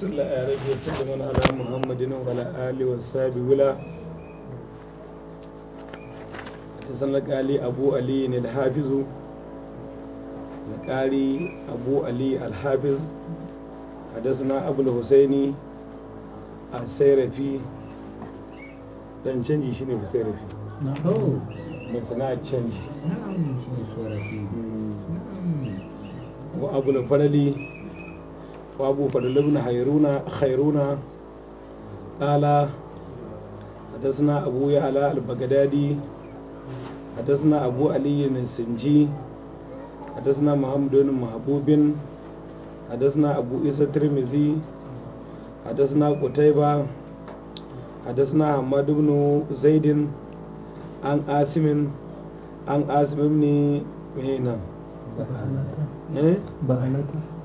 صلى عليه وسلم على محمد وعلى آله وصحبه ولا حسن لك علي أبو علي الحافظ القاري أبو علي الحافظ حدثنا أبو الحسيني السيرفي dan canji shine husayrafi mai sana'a canji wa abu na farali وابو فضل بن خيرونا خيرون قال حدثنا ابو يعلى البغدادي حدثنا ابو علي بن سنجي حدثنا محمد بن محبوب حدثنا ابو عيسى الترمذي حدثنا قتيبة حدثنا حماد بن زيد عن عاصم عن عاصم بن مينا بعلتا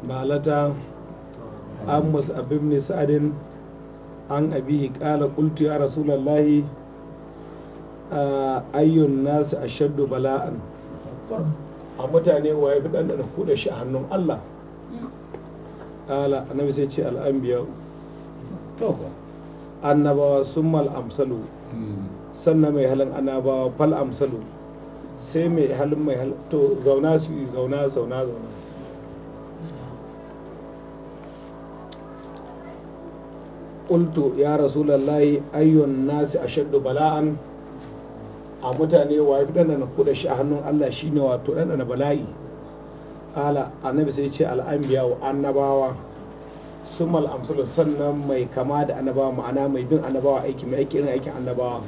بعلتا an abin ne sa'adin an abihi qala qultu ya a ah, ayyun nasu a shaddu bala'an a mutane waye fi dan da kuɗa shi a hannun Allah ala annabi sai ce al'anbiya annabawa sun mal amsalu hmm. sannan mai halin annabawa fal amsalu sai mai halin mai halin to zauna su zauna zauna zauna qultu ya rasulullahi ayyun nasi ashaddu bala'an a mutane wa fi ɗanɗana kuɗa shi a hannun Allah shi shine wato ɗanɗana bala'i ala annabi sai ce al'ambiya wa annabawa sumal da sannan mai kama da annabawa ma'ana mai bin annabawa aiki mai aiki irin aikin annabawa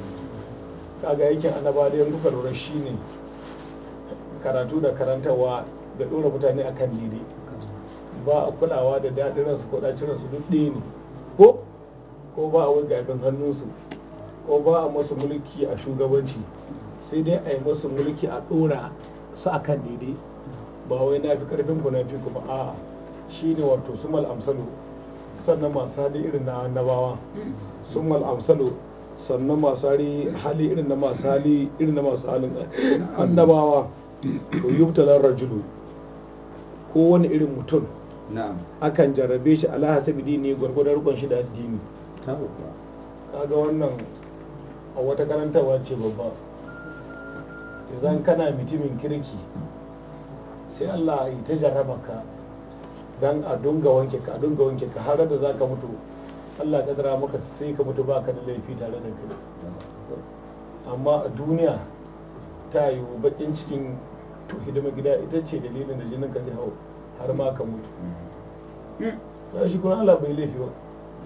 kaga aikin annabawa da yanzu lura ne karatu da karantarwa da ɗora mutane a kan dide ba a kulawa da daɗin ransu ko ɗacin ransu duk ɗaya ne ko ko ba a wurga abin hannunsu ko ba a masu mulki a shugabanci sai dai a yi masu mulki a ɗora su a kan daidai ba wai na fi ƙarfin ku na fi ku ba a shi ne wato sumal amsalu sannan masu hali irin na annabawa sumal amsalu sannan masu hali irin na masu hali irin na masu halin annabawa to yubtalar rajulu ko wani irin mutum akan jarrabe shi alaha sabidi ne gwargwadon rukun shi da addini ta babba kaga wannan a wata karantarwa ce babba idan kana mutumin kirki sai Allah ya ta jarraba ka dan a dunga wanke ka a dunga wanke ka har da zaka mutu Allah ya kadara maka sai ka mutu ba ka da laifi tare da kai amma a duniya ta yiwu bakin cikin to hidima gida ita ce dalilin da jinin ka zai hau har ma ka mutu ya mm. shi kuma Allah bai laifi ba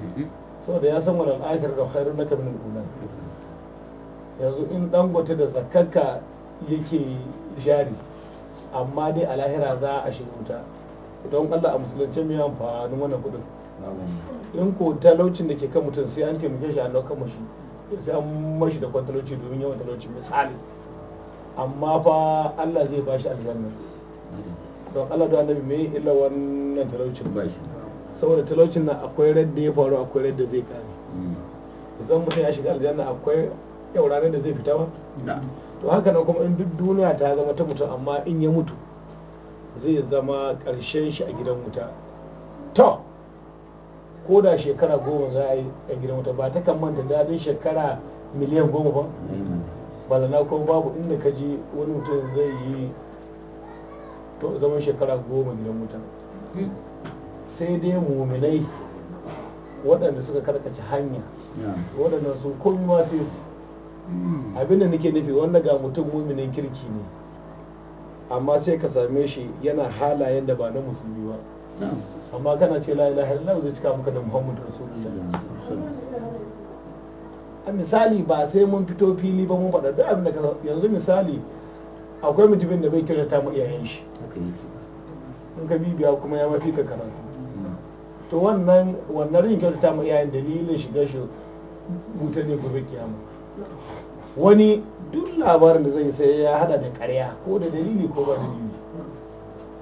mm-hmm. saboda ya san wani al'akar da khairu na kamar al yanzu in dangote da zakkarka yake jari amma dai a lahira za a shiga wuta don Allah a musulunci mai amfanin wannan kudin in ko talaucin da ke kan mutum sai an taimake shi a lokacin mashi sai an mashi da kwantalauci domin yawan talaucin misali amma fa Allah zai bashi aljanna don Allah da annabi mai illa wannan talaucin bashi saboda talaucin na akwai da ya faru akwai da zai kare hmm. zan mutum ya shiga aljanna akwai yau ranar da zai fita ba to haka nan kuma in duk duniya ta zama ta mutum amma in ya mutu zai zama ƙarshen shi a gidan wuta to ko da shekara goma za a yi a gidan wuta ba ta kan manta daɗin shekara miliyan goma ba hmm. balana kuma babu inda ka ji wani mutum zai yi to zaman shekara goma gidan wuta hmm. sai dai muminai waɗanda suka karkace hanya waɗanda su komi ma sai su hmm. abinda nake nufi wanda ga mutum muminin kirki ne amma sai ka same shi yana halayen da ba na musulmi ba amma kana ce la ilaha illallah zai cika maka da muhammadu rasulullah a misali ba sai mun fito fili ba mun faɗa duk abin da yanzu misali akwai mutumin da bai kyautata ta iyayen shi in ka bibiya kuma ya mafi ka karatu to wannan wannan rin ma iyayen dalilin shiga shi buta ne gobe kiyama wani duk labarin da zai sai ya hada da karya ko da dalili ko ba dalili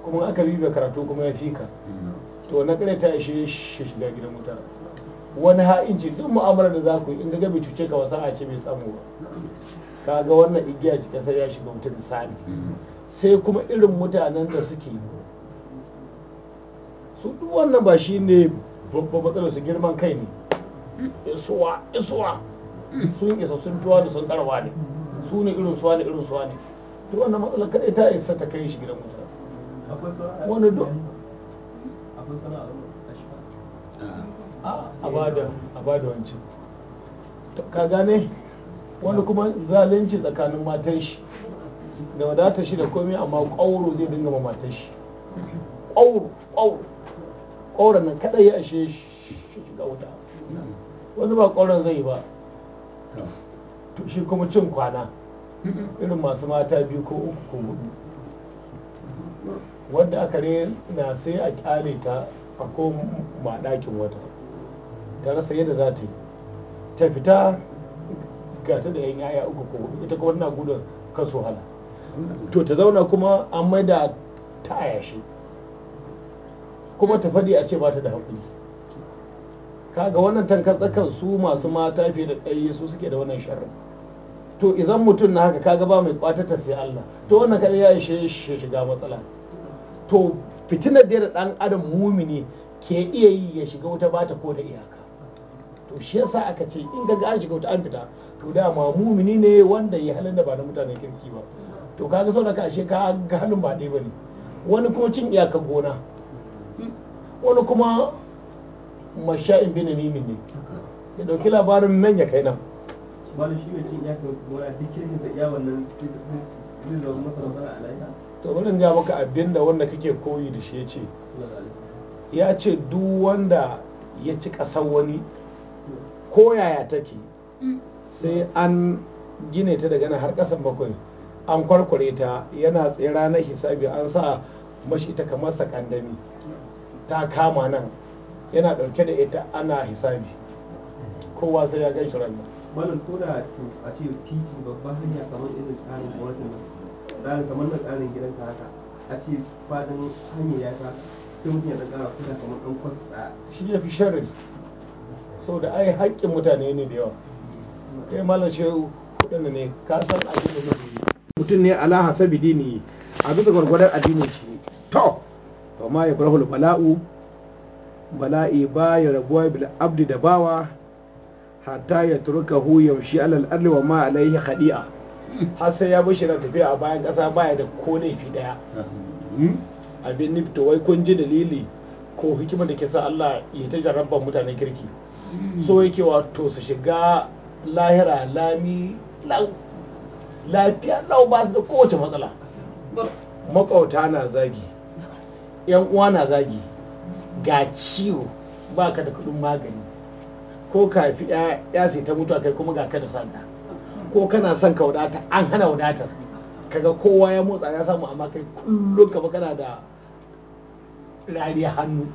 kuma aka bibiya karatu kuma ya fika to na kare ta shi shiga gidan wuta wani ha'inci duk mu'amalar da za ku yi in ga bai cuce ka wasa a ce bai samu ba kaga wannan igiya ce kasar ya shiga wuta misali mm-hmm. sai kuma irin mutanen da suke su duk wannan ba shi ne babban matsalar su girman kai ne isuwa isuwa mm. sun isa sun tuwa da sun ɗarwa ne mm. su ne irin suwa ne irin suwa ne duk wannan matsalar kaɗai ta isa ta kai shi gidan wuta wani duk ah. Ah, a a wancan ka gane wani kuma zalunci tsakanin matan shi da wadatar shi da komai amma ƙauro zai dinga ma matan shi mm. ƙauro ƙauro Ƙoran nan kaɗai ya ashe shi shiga wuta wani ba ƙoran zai ba To shi kuma cin kwana irin masu mata biyu ko uku ko hudu wanda aka na sai a kyale ta a koma ɗakin wata ta rasa yadda za ta yi ta fita ga ta da yan yaya uku ko hudu ita kuma na gudun kaso hala to ta zauna kuma an maida ta a kuma ta faɗi a ce ba ta da haƙuri kaga wannan tankar tsakan su masu mata fiye da ɗaya su suke da wannan sharrin to idan mutum na haka kaga ba mai kwatata sai Allah to wannan kaɗai ya shi shiga matsala to fitinar da ɗan adam mumini ke iya yi ya shiga wuta bata ko da iyaka to shi yasa aka ce in ga an shiga wuta an fita to dama mumini ne wanda ya halin da ba na mutanen kirki ba to kaga sau da ka ashe ka ga halin ba ɗaya ba ne wani kuma cin iyakar gona wani kuma masha'in bin mimin ne ya dauki labarin nan ya kai nan malam shi wacce ya kai gona duk kirkin da iya nan zai zama masa rabana alaika to wannan ya maka abinda wanda kake koyi da shi ya ce ya ce duk wanda ya ci ƙasar wani ko yaya take sai an gine ta daga nan har ƙasan bakwai an kwarkware ta yana tsira na hisabi an sa mashi ta kamar sakandami ta kama nan yana ɗauke da ita ana hisabi kowa sai ya gan shi ranar malam ko da a ce titi babban hanya kamar irin tsarin gwamnatin tsarin kamar na tsarin gidanka haka a ce fadin hanya ya ta sai mutum ya ɗan ƙara kuɗa kamar an a shi ya fi sharri da ai haƙƙin mutane ne da yawa kai malam shehu kuɗin ne ka san abin mutum ne ala hasabi dini a bisa gwargwadon addinin shi to wa ma bala'u bala'i ba ya rabuwa bil abdi da bawa hatta ya turka hu yamshi alal ardi wa ma alaihi khadi'a har sai ya bushe da tafiya a bayan kasa baya da ko fi daya hmm? abin to wai kun ji dalili ko hikima da ke sa Allah ya ta jarabban mutanen kirki hmm. so yake wato su shiga lahira lami lafiya lau ba su da kowace matsala makauta na zagi yan uwa na zagi ga ciwo ba ka da kudin magani ko ka fi ya sai ta mutu a kai kuma ga ka da sanda ko kana son ka wadata an hana wadatar kaga kowa ya motsa ya samu amma kai kullum ka kana da rari hannu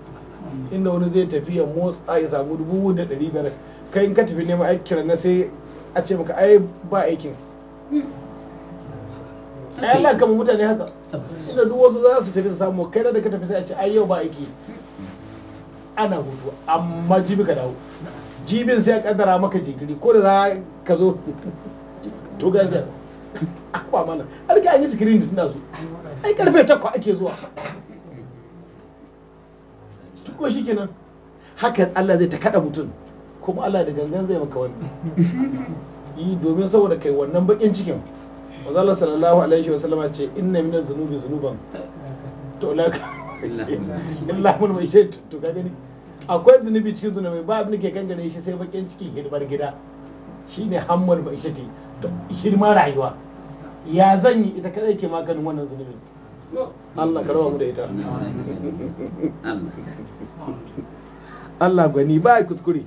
inda wani zai tafi ya motsa ya samu dubu da ɗari biyar kai in ka tafi neman aikin na sai a ce maka ai ba aikin ai kama mutane haka su da duk wasu za su tafi su samu kai da ka tafi sai a ce ai yau ba aiki ana hutu amma jibi ka dawo jibin sai a kaddara maka jinkiri ko da za ka zo to garda akwa mana har ka yi sikirin da tunda su ai karfe takwa ake zuwa tuko shi kenan haka Allah zai ta kada mutum kuma Allah da gangan zai maka wani yi domin saboda kai wannan bakin cikin Allah sallallahu alaihi wa sallama ce inna min zunubi zunuban to la illa mun mai shi to ga gani akwai zunubi cikin zunubi ba abin ke kan gane shi sai bakin cikin hidimar gida shine hammul mai shi hidimar rayuwa ya zan yi ita kadai ke maganin wannan zunubin Allah ka mu da ita Allah gwani ba kuskure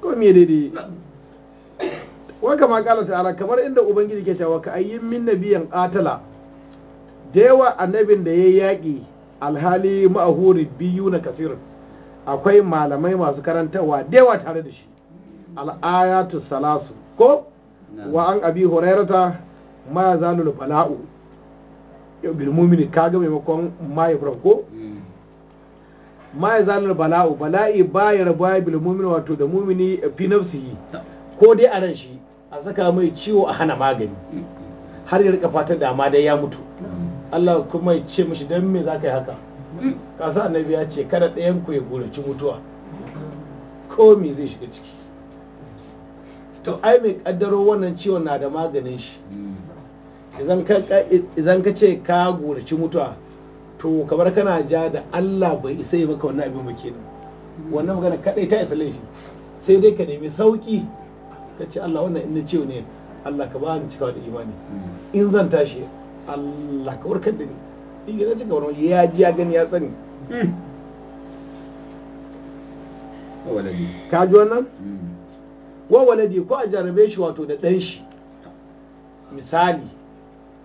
ko me daidai wa kama kala ta'ala kamar inda ubangiji ke cewa ka ayyin min nabiyan atala, da yawa annabin da yayi yaƙi alhali ma'ahuri biyu na kasir akwai malamai masu karantarwa da yawa tare da shi al'ayatu salasu ko wa an abi hurairata ma zalul bala'u bil mu'mini kaga maimakon ma ibrahim ko hmm. ma zalul bala'u bala'i ba ya rabuwa bil mu'mini wato da mu'mini fi nafsihi ko dai a ran shi a saka mai ciwo a hana magani har ya rika fatar da dai ya mutu Allah kuma ya ce mishi dan me ka yi haka kasa annabi ya ce kada ɗayan ku ya gurace mutuwa ko me zai shiga ciki to ai mai kaddaro wannan ciwon na da maganin shi izan ka ce ka gurace mutuwa to kamar kana ja da Allah bai isa yi maka wannan abin ba kenan wannan magana kadai ta isa laifi sai dai ka nemi sauki ka ce Allah wannan inda ciwo ne Allah ka ba ni cikawa da imani hmm. in zan tashi Allah ka warkar da ni in ya cika wani ya ji ya gani ya sani hmm. ka ji wannan hmm. wa waladi ko a jarabe shi wato da ɗan shi misali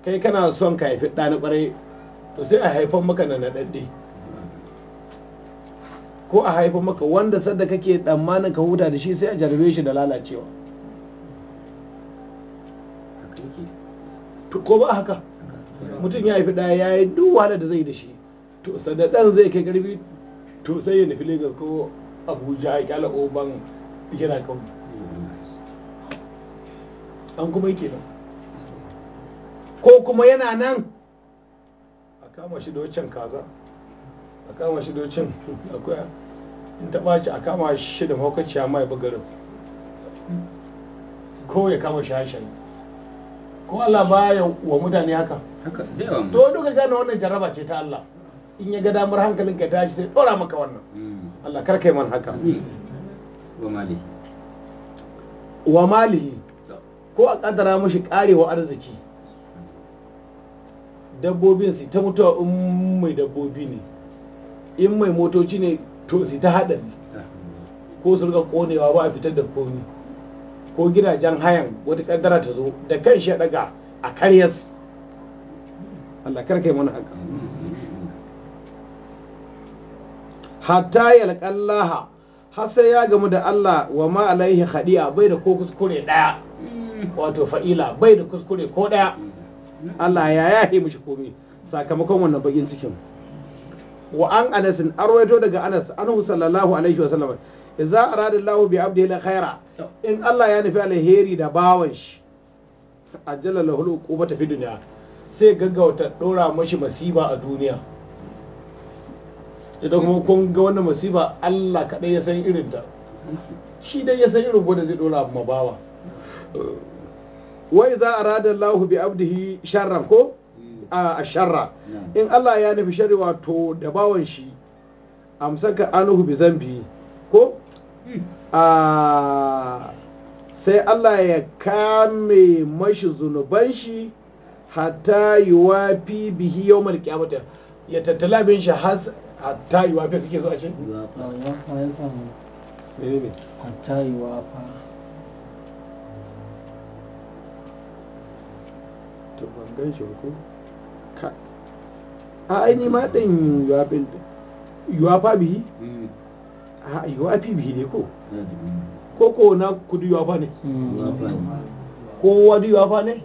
kai kana son ka haifi ɗani ƙwarai to sai a haifan maka na naɗaɗɗe ko a haifan maka wanda sadda kake tsammanin ka huta da shi sai a jarabe shi da lalacewa ko ba haka mutum ya haifi ɗaya ya yi duk wahala da zai da shi to sanda ɗan zai kai ƙarfi to sai ya nufi lagos ko abuja ya kyala oban yana kawai an kuma yake nan ko kuma yana nan a kama shi da wancan kaza a kama shi da wancan akwai in ta ɓaci a kama shi da mawakaciya mai bugarin ko ya kama shaye-shaye ko Allah baya wa mutane haka to duka gane wannan jaraba ce ta Allah in ya ga damar hankalin ka tashi sai dora maka wannan hmm. Allah kar kai man haka wa malihi ko a kaddara mashi karewa arziki dabbobin su ta mutuwa in mai dabbobi ne in mai motoci ne to su ta haɗari ko su rika konewa ba a fitar da komi ko gidajen hayan wata kaddara ta zo da kan shi daga a karyas Allah kar yi mana haka hatta yalqallaha har sai ya gamu da Allah wa ma alaihi khadi'a bai da ko kuskure daya wato fa'ila bai da kuskure ko daya Allah ya yahe mishi komai sakamakon wannan bakin cikin wa an anas an arwaito daga anas anhu sallallahu alaihi wasallam Za a rada Allah bi abdihi la khaira in Allah ya nufi alheri da bawan shi ajalla lahul ta fi duniya. sai gaggauta dora mashi masiba a duniya idan kuma kun ga wannan masiba Allah kadai ya san irin ta shi dai ya san irin gwada zai dora ma bawa wai za a rada lahu bi abdihi sharran ko a sharra in Allah ya nufi sharri wato da bawan shi amsaka anuhu bi zambi ko sai Allah ya kame mashi zunuban shi hatta yuwafi bihi yawmal kyamata ya tattala bin shi hatta kake ce hatta shi ko ka a bihi mm. a yiwuwa fifi ne ko hmm. ko ko na kudu yiwuwa fa ne kowa da yiwuwa fa ne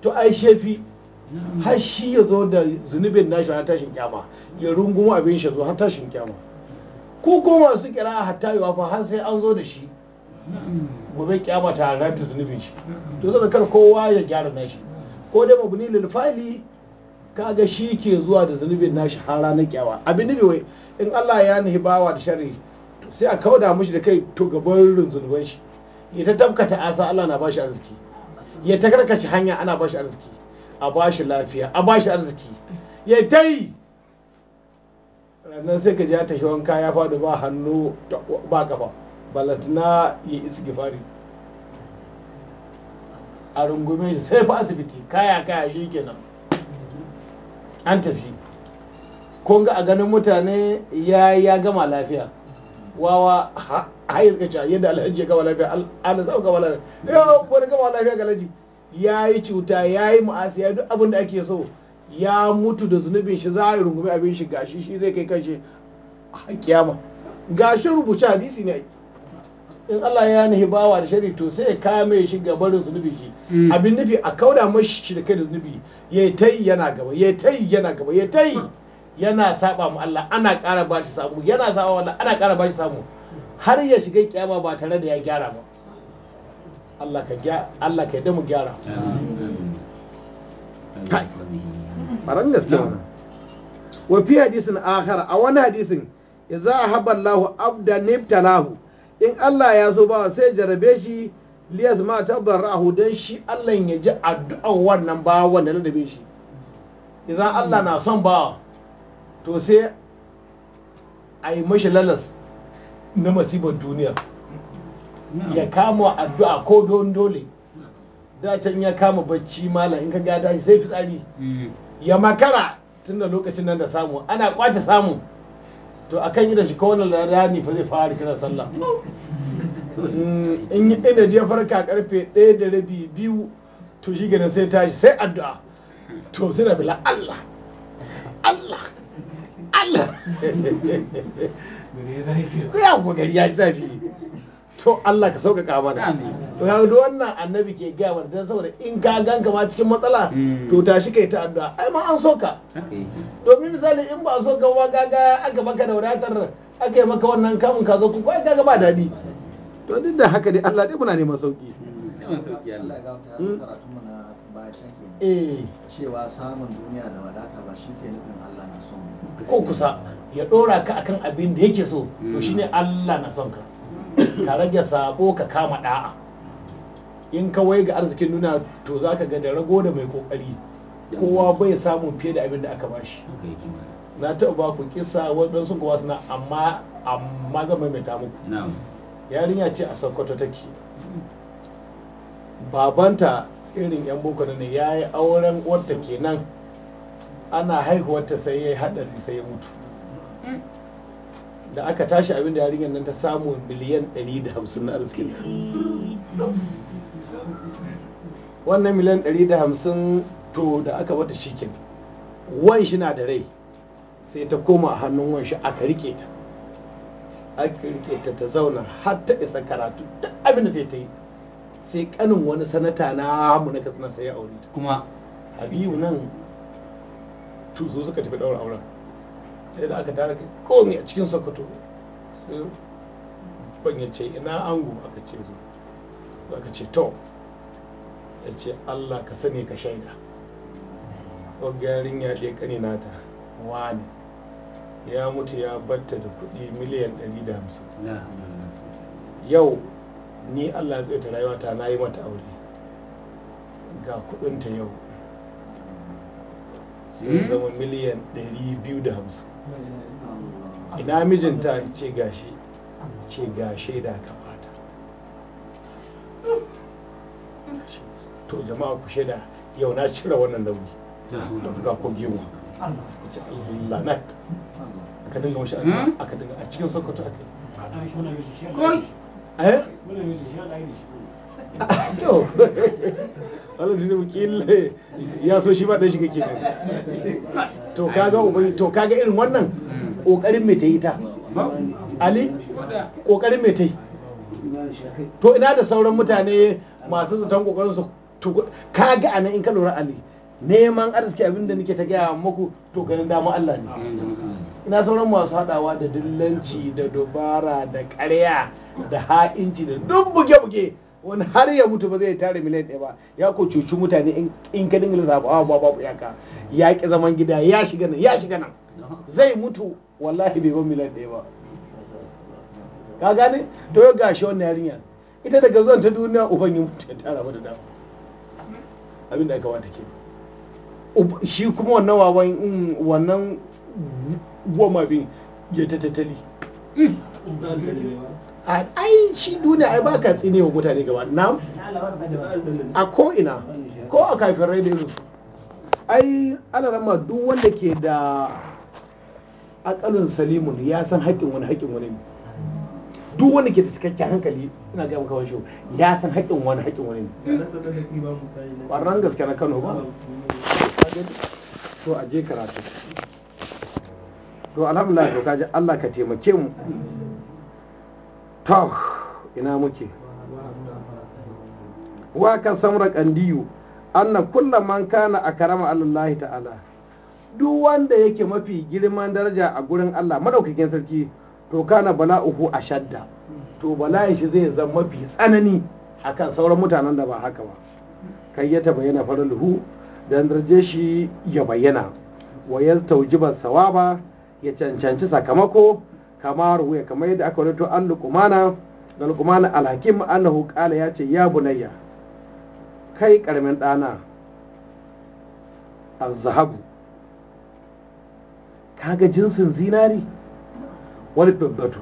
to ai shefi hmm. har shi ya zo da zunubin nashi har tashin kyama ya rungumo abin shi zo har tashin kyama ko ko masu kira a hatta yiwuwa fa har sai an zo da shi gobe kyama ta ranta zunubin shi to zaka kar kowa ya gyara nashi ko dai mabuni lil fa'ili kaga shi ke zuwa da zunubin nashi har ranar kyawa abin nufi wai in Allah ya nihi bawa da sharri sai a kauda mushi da kai to gaban zunuban shi ya ta tabkata asa Allah na bashi arziki ya ta karkace hanya ana bashi arziki a bashi lafiya a bashi arziki ya ta yi ranar sai ka ja ta wanka ya faɗo ba hannu ba kafa na ya isi gifari a rungume shi sai fa asibiti kaya kaya shi kenan an tafi kun ga a ganin mutane ya ya gama lafiya wawa hayar kaca yadda alhaji ya gama lafiya ala sa gama lafiya yau ko gama lafiya ga alhaji ya yi cuta ya yi ma'asi ya duk abin da ake so ya mutu da zunubin shi za a yi rungumi abin shi gashi shi zai kai kanshi a kiyama gashin rubuce hadisi ne ake in Allah ya nahi bawa da shari to sai ya mai shi ga barin zunubi shi mm. abin nufi a kauda mashi shi da kai da zunubi ya tai yana gaba ya tai yana gaba ya tai mm. yana saba mu Allah ana ƙara ba shi samu yana saba Allah ana ƙara ba shi samu har ya shiga kiyama ba tare da ya gyara ba Allah ka gyara Allah ka yadda mu gyara kai gaske wa fi hadisin akhar a wani hadisin idza ahabba Allahu abdan ibtalahu in Allah ya so bawa sai jarabe shi liyas ma hu dan shi Allah ya ji addu'an wannan ba wanda na dabe shi idan Allah na son ba to sai a yi mashi lalas na masibar duniya ya kama addu'a ko don dole da can ya kama bacci malam in ka ga tashi sai fitsari hmm. ya makara tunda lokacin nan da samu ana kwace samu to akan yi da shi kowane ladani fa zai fara kira sallah in yi da ya farka karfe ɗaya da rabi biyu to shi ganin sai tashi sai addu'a to sai na bila Allah Allah Allah ya gari ya zafi to Allah ka sauƙaƙa mana to ya duk wannan annabi ke gaya mana dan saboda in ka ganka ma cikin matsala hmm. to tashi kai ta addu'a ai ma an so ka domin misali in ba so ka ba ga aka baka da wadatar aka yi maka wannan kamun ka zo ku kai ga ba daɗi to duk da haka dai Allah dai muna neman sauki hmm? eh. cewa samun duniya da wadata ba shi ke nufin Allah na son ko kusa ya ɗora ka akan abin da yake so to hmm. shine Allah na son ka ka rage sako ka kama da'a in kawai ga arzikin nuna to za ka ga da rago da mai kokari kowa bai samun fiye da abin da aka ba shi na taɓa ba ku kisa waɗansu kowa suna amma amma zan maimaita muku yarinya ce a sokoto take babanta irin yan boko ne ya yi auren wata kenan ana haihuwarta sai ya yi haɗari sai ya mutu hmm. da aka tashi abin da yarinyar nan ta samu biliyan 150 na arziki wannan miliyan 150 to da aka wata shikin wan shi na da rai sai ta koma a hannun wan shi aka rike ta aka rike ta ta zauna har ta isa karatu duk abin da ta yi sai kanin wani sanata na mu na katsina sai ya aure kuma habibu nan tuzo suka tafi daura auren da aka tara kowane a cikin sokoto su ban ina ango aka ce zo aka ce to ya ce allah ka sani ka shaida wagarin ya ɗe ƙani nata wani ya mutu ya batta da kuɗi miliyan 150 yau ni allah ya tsaye ta rayuwa ta na yi mata aure ga kuɗinta yau sai hmm? zama miliyan 250 ina mijinta ce gashi ce ga da kamata to jama'a ku shaida yau na cire wannan nauyi da ga ko giwa Allah na aka dinga mashi hmm? aka dinga a cikin sokoto aka yi to wannan tinubu kille ya so shi ba dan shiga kenan to kaga ubangi to kaga irin wannan kokarin me ta yi ta ali kokarin me ta yi to ina da sauran mutane masu zaton kokarin su kaga anan in ka lura ali neman arziki abin da nake ta gaya muku to ganin dama Allah ne ina sauran masu hadawa da dillanci da dubara da ƙarya da ha'inci da duk buge-buge wani har ya mutu ba zai tare miliyan ɗaya ba ya ko cuci mutane in ka dinga lissafa ba babu ba ya ki zaman gida ya shiga nan ya shiga nan zai mutu wallahi bai ba miliyan ɗaya ba ka gane to ga gashi wannan yarinya ita daga zuwan ta duniya uban yin ta ya tara mata da abin da aka wata ke shi kuma wannan wawan um, wannan goma bin ya ta tattali hmm. a ai shi duniya ai ka tsini wa mutane gaba na a ko ina ko a rai da irinsu ai ana rama duk wanda ke da akalin salimun ya san haƙƙin wani haƙƙin wani ne duk wanda ke da cikakken hankali ina ga maka wani ya san haƙƙin wani haƙƙin wani ne ƙwarar gaske na kano ba to a je karatu to alhamdulillah to kaji allah ka taimake mu to ina muke wa kan samra kandiyu anna kullum man kana a karama allahi ta'ala duk wanda yake mafi girman daraja a gurin allah madaukakin sarki to kana Bala uku a shadda to bala shi zai zama mafi tsanani a kan sauran mutanen da ba haka ba kai ya yana farin luhu dan daraje shi ya bayyana wa ya taujibar sawaba ya cancanci sakamako kamar wuya kamar yadda aka rawaito an lukumana da lukumana alhakim annahu qala ya ce ya bunayya kai karamin dana azhabu kaga jinsin zinari wani fiddatu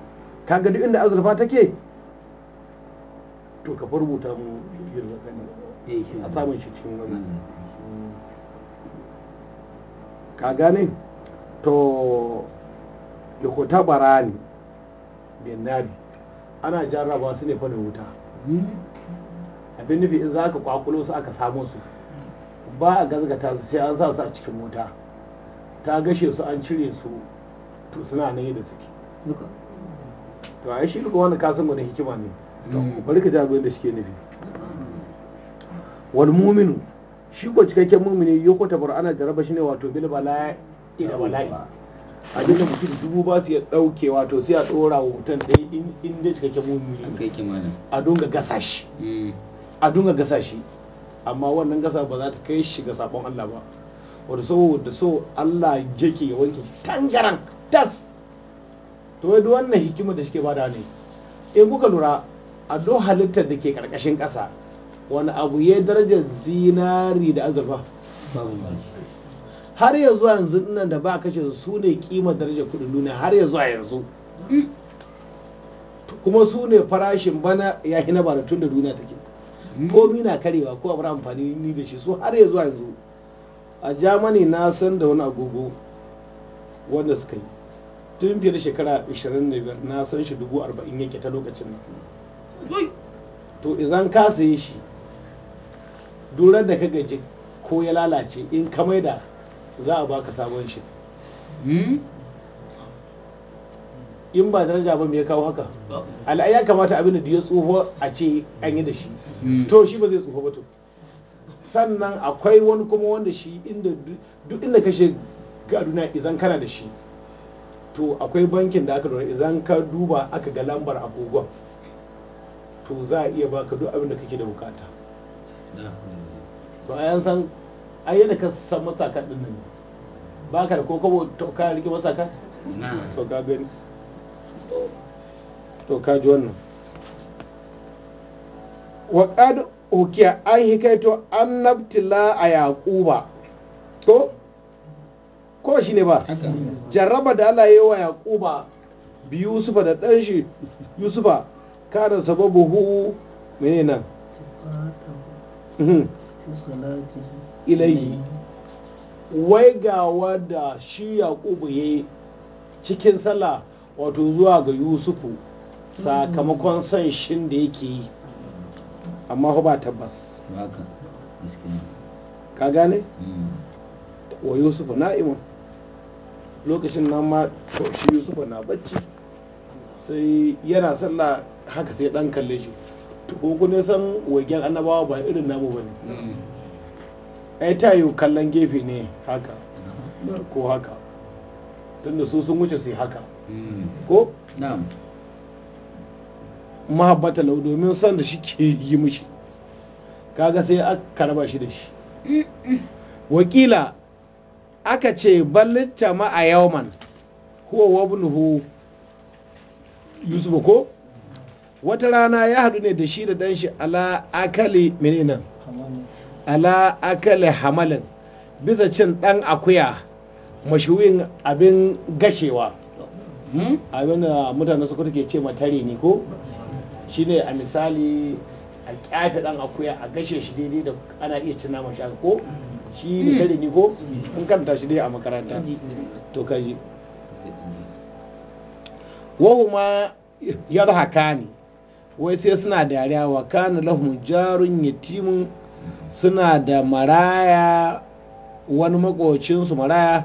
kaga duk inda azurfa take to ka rubuta mu a samun shi cikin wani ka gane to da bara ne bin ana jarraba su ne fa da wuta abin nufi in za ka kwakulo su aka samu su ba a gazgata su sai an sa su a cikin wuta ta gashe su an cire su to suna nan yadda suke to a shi duka wani kasan wani hikima ne bari ka ji da shike nufi Wani muminu shi ko cikakken mumini yoko tabar ana jaraba shi ne wato bil bala'i bala'i A abinda mutum dubu ba su ya dauke wato sai a ɗora wa mutum ɗaya in dai cikakken mummi a dunga gasa shi mm. a dunga gasa shi amma wannan gasa ba za ta kai shi ga sabon Allah ba wato saboda so Allah yake ya wanke shi tangaran tas to wai wannan hikimar da suke bada ne in kuka lura a do halittar da ke karkashin ƙasa wani abu ya darajar zinari da azurfa har ya zuwa yanzu nan da ba a kashe su ne kima daraja kudin duniya har ya zuwa yanzu kuma su ne farashin bana ya hina ba da tun da duniya take komi na karewa ko abu amfani ni da shi su har ya zuwa yanzu a germany na san da wani agogo wanda suka yi tun fiye da shekara 25 na san shi dubu arba'in yake ta lokacin nan to idan ka saye shi durar da ka gaji ko ya lalace in ka maida za a baka sabon shi hmm? in ba daraja ba me ya kawo haka al'ai ya kamata abin da ya tsoho a ce an yi da shi hmm. to shi ba zai tsoho ba to sannan akwai wani kuma wanda shi inda duk inda kashe gaduna izan kana da shi to akwai bankin da aka lura izan ka duba aka ga lambar agogon to za a iya baka duk abinda da kake da bukata to a yan ai yana ka san masaka din nan ba ka da ko kabo ka rike masaka to ka gani to ka ji wannan wa qad ukiya an hikaito annabtila a yaquba to ko shi ne ba jarraba da Allah yi wa yaquba bi yusufa da dan shi yusufa kana sababu hu menene nan ilaihi ga da shi yaƙubu ya cikin sallah wato zuwa ga yusufu sakamakon son shin da yake yi amma ba tabbas ka gane hmm. wa yusufu na'imun lokacin nan ma shi yusufu na bacci sai yana sallah haka sai dan kalle shi tukukuni san wagen annabawa ba irin namu ba ne ai ta yi kallon gefe ne haka ko haka tunda su sun wuce su haka ko mahabbata lau domin san da shi ke yi mushi kaga sai aka raba shi da shi wakila aka ce ballitta ma a yawman huwa wabnuhu yusuf ko wata rana ya hadu ne da shi da dan shi ala akali menene ala akali hamalin bisa cin dan akuya mashuwin abin gashewa hmm? abin da mutane suka take ce matare ne ko shine a misali a kyafe dan akuya a gashe shi daidai da ana iya cin nama shaka ko shi ne kare ni ko in kanta shi dai a makaranta to kaji wahuma yadhakani wai sai suna da yariya wa kana lahum jarun yatimun suna da maraya wani makocinsu maraya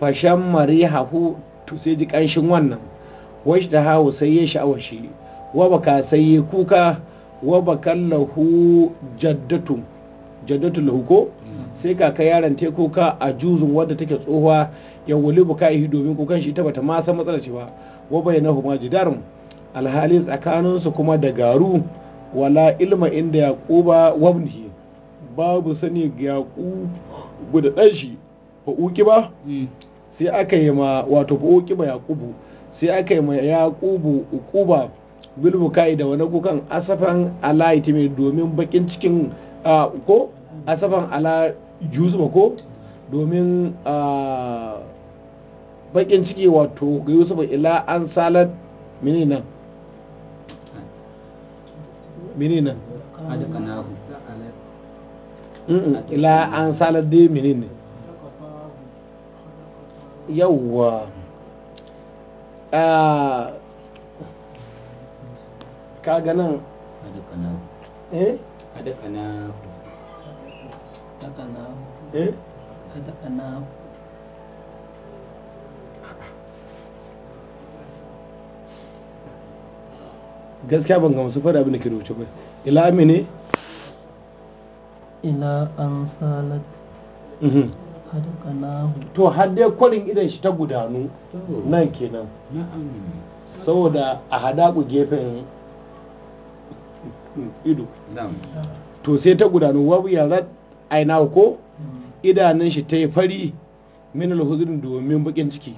fashan mari hahu sai ji kanshin wannan wash da hawo sai ya sha'awa shi wa baka sai ya kuka wa bakan lahu jaddatu jaddatu lahu ko mm. sai kaka yaron ta kuka a juzun wadda take tsohuwa ya wuli buka domin kukan shi ita bata ma san matsalar ce ba wa bayyana huma jidarun alhali tsakaninsu kuma da garu wala ilma inda yaquba wabni babu sani ya yaqubu da ɗan shi fa'uki uki ba hmm. sai aka yi ma wato fa'uki uki ba yaqubu sai aka yi ma yaqubu bilbu kai da wani kukan asafan ala mai domin bakin cikin ko asafan ala ba ko domin bakin ciki wato ga yusufa ila an salat mini nan menene adqanahu ila an salar dai menene yawwa ah, ka ganin kanahu eh adqanahu kanahu eh kanahu gaskiya ban ga fa da abin da ke rubuce ba ila mene ila an salat mhm. to har dai kwarin idan shi ta gudanu nan kenan saboda a hadaku gefen ido to sai ta gudanu wabu a aina ko mm. idanun shi ta yi fari min alhuzurin domin bakin ciki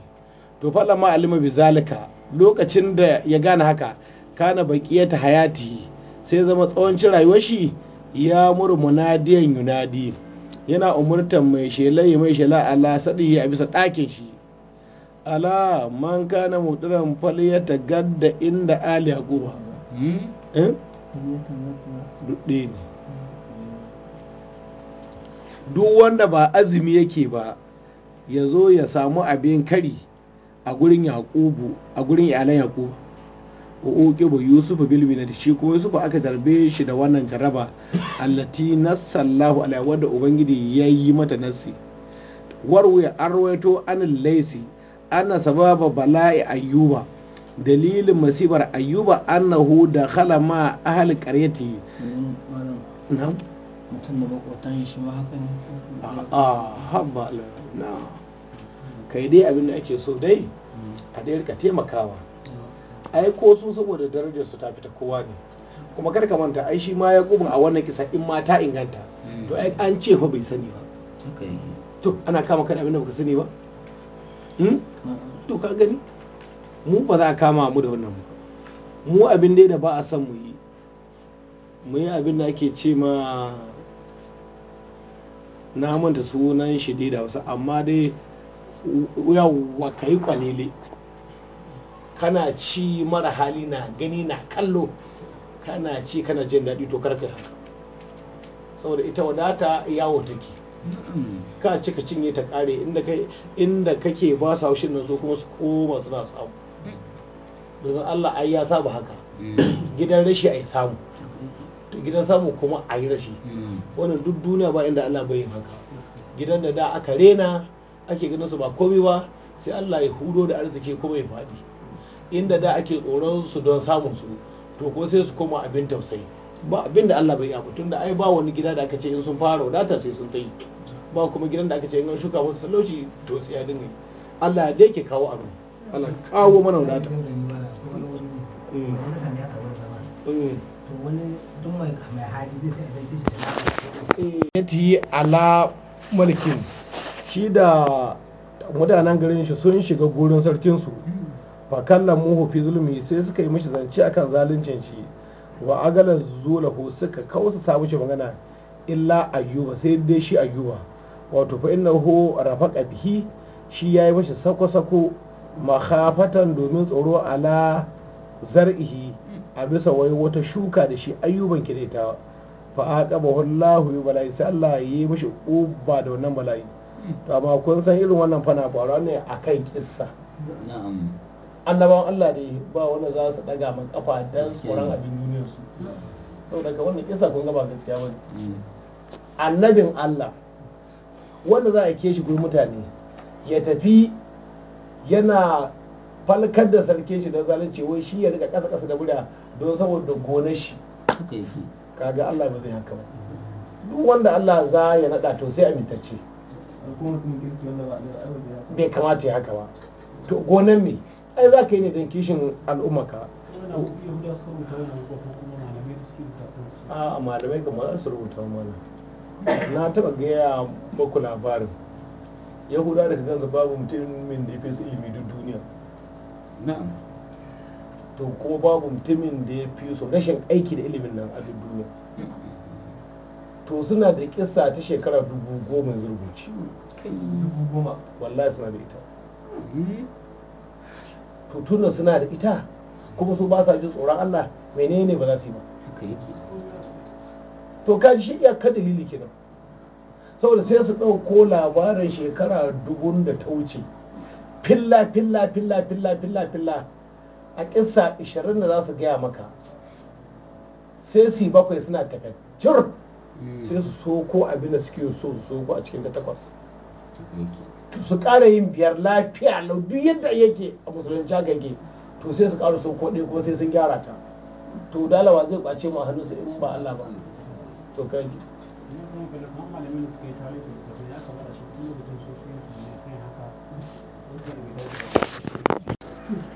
to faɗa ma alima bi zalika lokacin da ya gane haka kana ta hayati sai zama tsawancin rayuwa shi ya murmuna diyan yunadi yana umurtan mai shela mai shela ala sadi a bisa ɗakin shi ala man kana mudiran faliyata gadda inda ali yaquba hmm? eh? dudde duk wanda ba azumi yake ba ya zo ya samu abin kari a gurin yaqubu a gurin yalan wa uqiba yusufu bil na shi ko yusufu aka darbe shi da wannan jaraba allati nassallahu alaihi wadda ubangiji yayi mata nasi warwaya arwaito an laisi ana sababa bala'i ayyuba dalilin masibar ayyuba annahu da khala ma qaryati na'am mutum da bakwatan ma haka ne a kai dai abin ake so dai a dai rika taimakawa Aiko su saboda darajar su ta fita kowa ne kuma kar ka manta ai shi ma ya kubun a wannan kisa in ma ta inganta hmm. to ai an ce fa bai sani ba to ana kama kan abin da baka sani ba hmm? to ka gani mu ba za a kama mu da wannan mu abin dai da ba a san mu yi mu yi abin da ake ce ma na manta sunan shi dai da wasu amma dai wa kayi kwalele kana ci mara hali na gani na kallo kana ci kana jin daɗi to karka haka saboda ita wadata yawo take ka ci ka cinye ta kare inda kai inda kake ba su haushin nan su kuma su koma suna samu Daga Allah ai ya saba haka gidan rashi ai samu gidan samu kuma ai rashi wannan duk duniya ba inda Allah bai yin haka gidan da da aka rena ake ganin su ba komai ba sai Allah ya hudo da arziki kuma ya faɗi inda da ake tsoron su don samun su to ko sai su koma abin tausayi ba abin da Allah bai yi tun tunda ai ba wani gida da aka ce in sun fara wadata sai sun ta ba kuma gidan da aka ce in an shuka musu talauci to tsaya dinga Allah ya ke kawo abin Allah kawo mana wadata yi eh, ala mulkin shi da mutanen garin shi sun shiga gurin sarkinsu fa muhu fi zulmi sai suka yi mishi zance akan zaluncin shi wa agala zulahu suka kausa sa mishi magana illa ayyuba sai dai shi ayyuba wato fa innahu rafaqa bihi shi yayi mishi sako sako mahafatan domin tsoro ala zar'ihi a bisa wai wata shuka da shi ayyuban kireta fa aqabahu allah bi bala'i sai Allah yi mishi uba da wannan bala'i to amma kun san irin wannan fana faruwa ne akan kissa na'am annabawan Allah ne ba wanda za su daga man kafa dan tsoron abin duniyar su saboda ka wannan kisa kun gaba gaskiya bane mm. annabin Allah wanda za a ke shi gurin mutane ya tafi yana falkar da sarki shi da zalunci wai shi ya rika kasa kasa da guda don saboda gonar shi kaga Allah ba zai haka ba duk wanda Allah za ya nada to sai amintacce bai kamata ya haka ba to gonan me ai za ka yi ne don kishin al'ummaka a malamai kamar su rubuta mana na taɓa gaya maku labarin yahuda da kanka babu mutumin da ya fi su ilimi duk duniya to ko babu mutumin da ya fi su rashin aiki da ilimin nan a duk duniya to suna da kisa ta shekara dubu goma zurguci wallahi suna da ita eh. to suna da ita kuma su ba sa jin tsoron Allah menene ba za su yi ba to ka ji shi iyaka dalili kenan saboda sai su ɗauko labarin shekara dubun da ta wuce filla filla filla filla filla filla a kissa 20 da za su gaya maka sai su bakwai suna takaccur hmm. sai su soko abin da suke so su soko a cikin ta takwas su ƙara yin biyar lafiya lau duk yadda yake a musulunci haka yake to sai su ƙara so kuɗi ko sai sun gyara ta to dalawa zai kwace mu a su in ba Allah ba to kai ji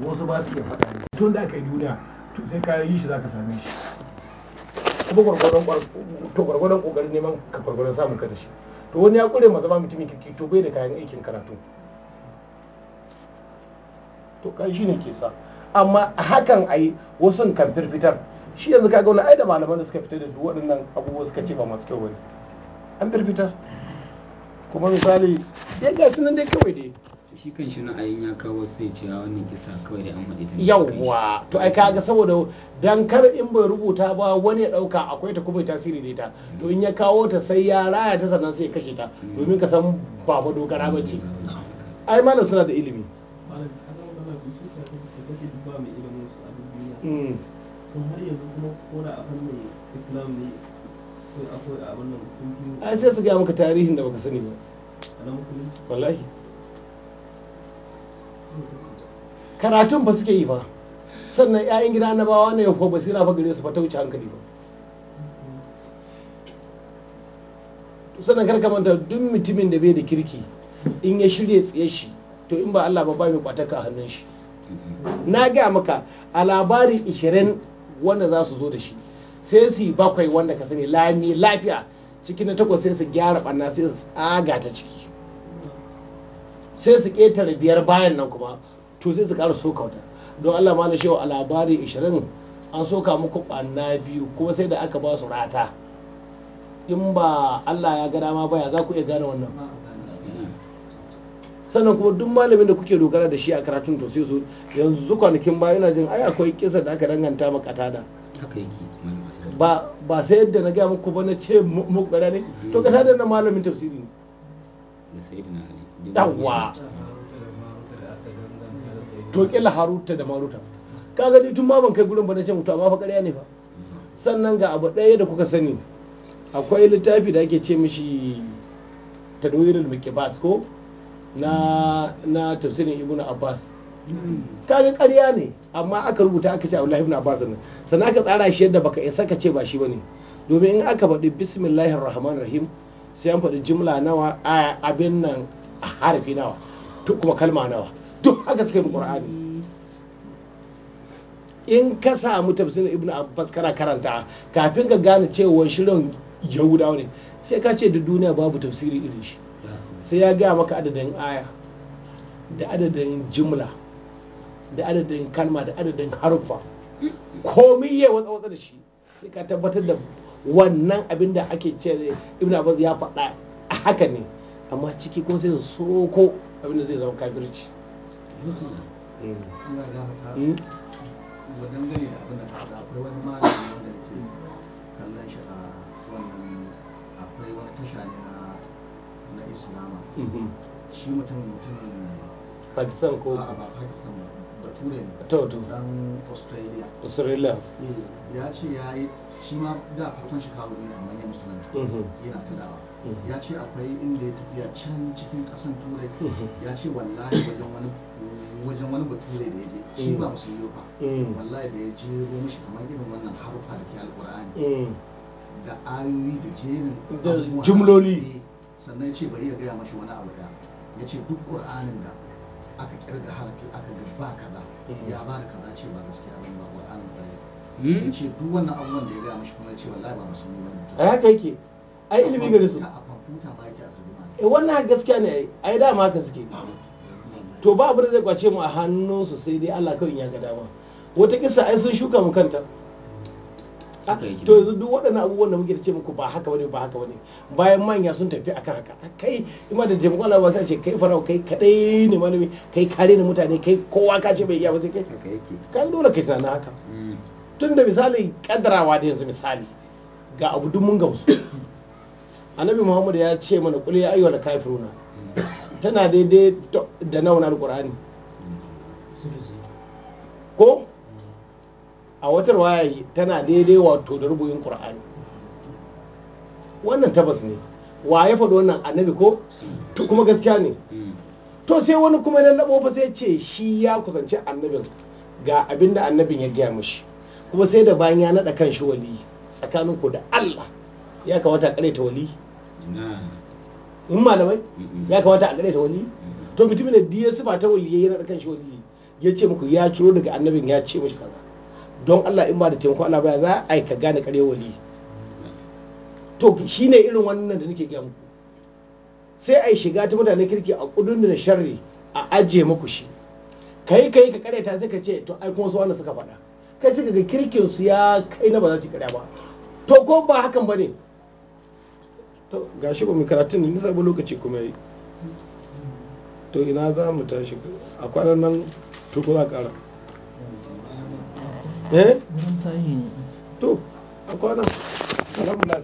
wasu ba su ke faɗa ne tun da aka yi duniya to sai ka yi shi za ka same shi kuma gwargwadon ƙoƙarin neman ka gwargwadon samun ka da shi to wani ya kure ma zama mutumin kirki to bai da kayan aikin karatu to kai shi ne ke sa amma hakan a yi wasu kan firfitar shi yanzu kaga wani ai da malaman da suka fita da duk waɗannan abubuwa suka ce ba masu kyau bane an firfitar kuma misali ya ga sunan dai kawai dai shi kan shi ah, kisa kawai da an yawwa ai saboda dan kar in bai rubuta ba wani ya dauka akwai ta tasiri to in ya ta sai ya raya ta sannan ai malam suna da ilimi hmm. ai sai su gaya maka tarihin da baka sani ba wallahi karatun ba suke yi ba sannan 'ya'yan gida na annabawa ne ko basira fa gare su fatauce wuce hankali ba sannan kar ka manta duk mutumin da bai da kirki in ya shirya tsaye shi to in ba Allah ba ba mai a hannun shi na gaya maka a labarin 20 wanda za su zo da shi sai su yi bakwai wanda ka sani lami lafiya cikin na takwas sai su gyara ɓanna sai su tsaga ta ciki sai su ƙetare biyar bayan nan kuma to sai su ƙara soka wata don Allah ma na shewa a labari 20 an soka muku ɓanna biyu kuma sai da aka ba su rata in ba Allah ya ga dama baya za ku iya gane wannan sannan kuma duk malamin da kuke dogara da shi a karatun to sai su yanzu kwanakin ba yana jin ai akwai kisa da aka danganta ma katada ba ba sai yadda na gaya muku ba na ce mu ne to katada na malamin tafsiri ne yawwa to kila haruta da maruta ka gani tun ma ban kai gurin ba na ce mutu amma fa ƙarya ne fa sannan ga abu ɗaya da kuka sani akwai littafi da ake ce mishi tadwirul mukibas ko na na tafsirin ibnu abbas kaga ƙarya ne amma aka rubuta aka ce Abdullahi ibnu Abbas ne sannan aka tsara shi yadda baka isa ka ce ba shi bane domin in aka faɗi bismillahir rahmanir rahim sai an faɗi jumla nawa abin nan a harafi nawa duk kuma kalma nawa duk haka suka yi qur'ani in ka samu tafsirin ibnu abbas kana karanta kafin ka gane cewa shirin yahuda ne sai ka ce da duniya babu tafsiri irin shi sai ya gaya maka adadin aya da adadin jimla da adadin kalma da adadin haruffa komai ya watsa watsa da shi sai ka tabbatar da wannan abin da ake ce ibn abbas ya faɗa haka ne amma ciki kuma sai su soko abin da zai zama kafirci hmm. Hmm. akwai wani tasha hmm. shi mutum mutum pakistan ko ba pakistan ba bature ne dan australia australia eh, ya ce ya yi shi ma da farkon shi karo ne a manyan musulunci mm-hmm. yana ta dawa mm-hmm. ya ce akwai inda ya tafiya can cikin kasan turai mm-hmm. ya ce wallahi wajen wani bature da ya je shi ba musulmi ba wallahi da ya je mishi kamar irin wannan harufa da ke alkur'ani da ayoyi da jerin jumloli sannan ya ce bari ya gaya mashi wani abu da ya ce duk ƙur'anin da aka kirga harafi aka ga ba kaza ya ba da kaza ce ba gaskiya ba ba ƙur'anin ba Hmm? ce duk wannan abubuwan da ya gaya mashi kuma ce wallahi ba musulmi bane a haka yake ai ilimi gare su a eh, wannan gaskiya ne ai dama haka suke to ba abin da zai kwace mu a hannunsu sai dai Allah kawai ya ga dama wata kisa ai sun shuka mu kanta to yanzu duk waɗannan abubuwan da muke ce muku ba haka bane ba haka bane bayan manya sun tafi akan haka kai ima da jami'an Allah ba sai ce kai farau kai kadai ne manomi kai kare ne mutane kai kowa ka ce bai iya ba sai kai ka dole kai tunanin haka hmm. tun da misali kadarawa da yanzu misali ga abu dun mun gamsu annabi Muhammadu ya ce mana kuli ya ayyuhal kafiruna tana daidai da nawan alqur'ani ko a watar wayayi tana daidai wato da rubuyin qur'ani wannan tabbas ne wa ya faɗi wannan annabi ko to kuma gaskiya ne hmm. to sai wani kuma lallabo fa sai ce shi ya kusanci annabin ga abinda annabin ya gaya mashi. kuma sai da bayan ya naɗa kan shi wali tsakanin ku da Allah ya kamata a ta wali in malamai ya kamata a ta wali to mutumin da ya saba ta wali ya naɗa kan shi wali ya ce muku ya ciro daga annabin ya ce mashi kaza don Allah in ba da taimako Allah baya za a yi ka gane kare wali to shine irin wannan da nake gaya muku sai a yi shiga ta mutane kirki a kudin da sharri a ajiye muku shi kai kai ka ta sai ka ce to ai kuma su wanda suka faɗa kai suka ga kirkin su ya kai na ba za su karya ba to ko ba hakan ba ne to ga shi ba mu karatun ne nisa lokaci kuma yi to ina za mu tashi a kwanan nan to ko za kara eh to a kwanan salamu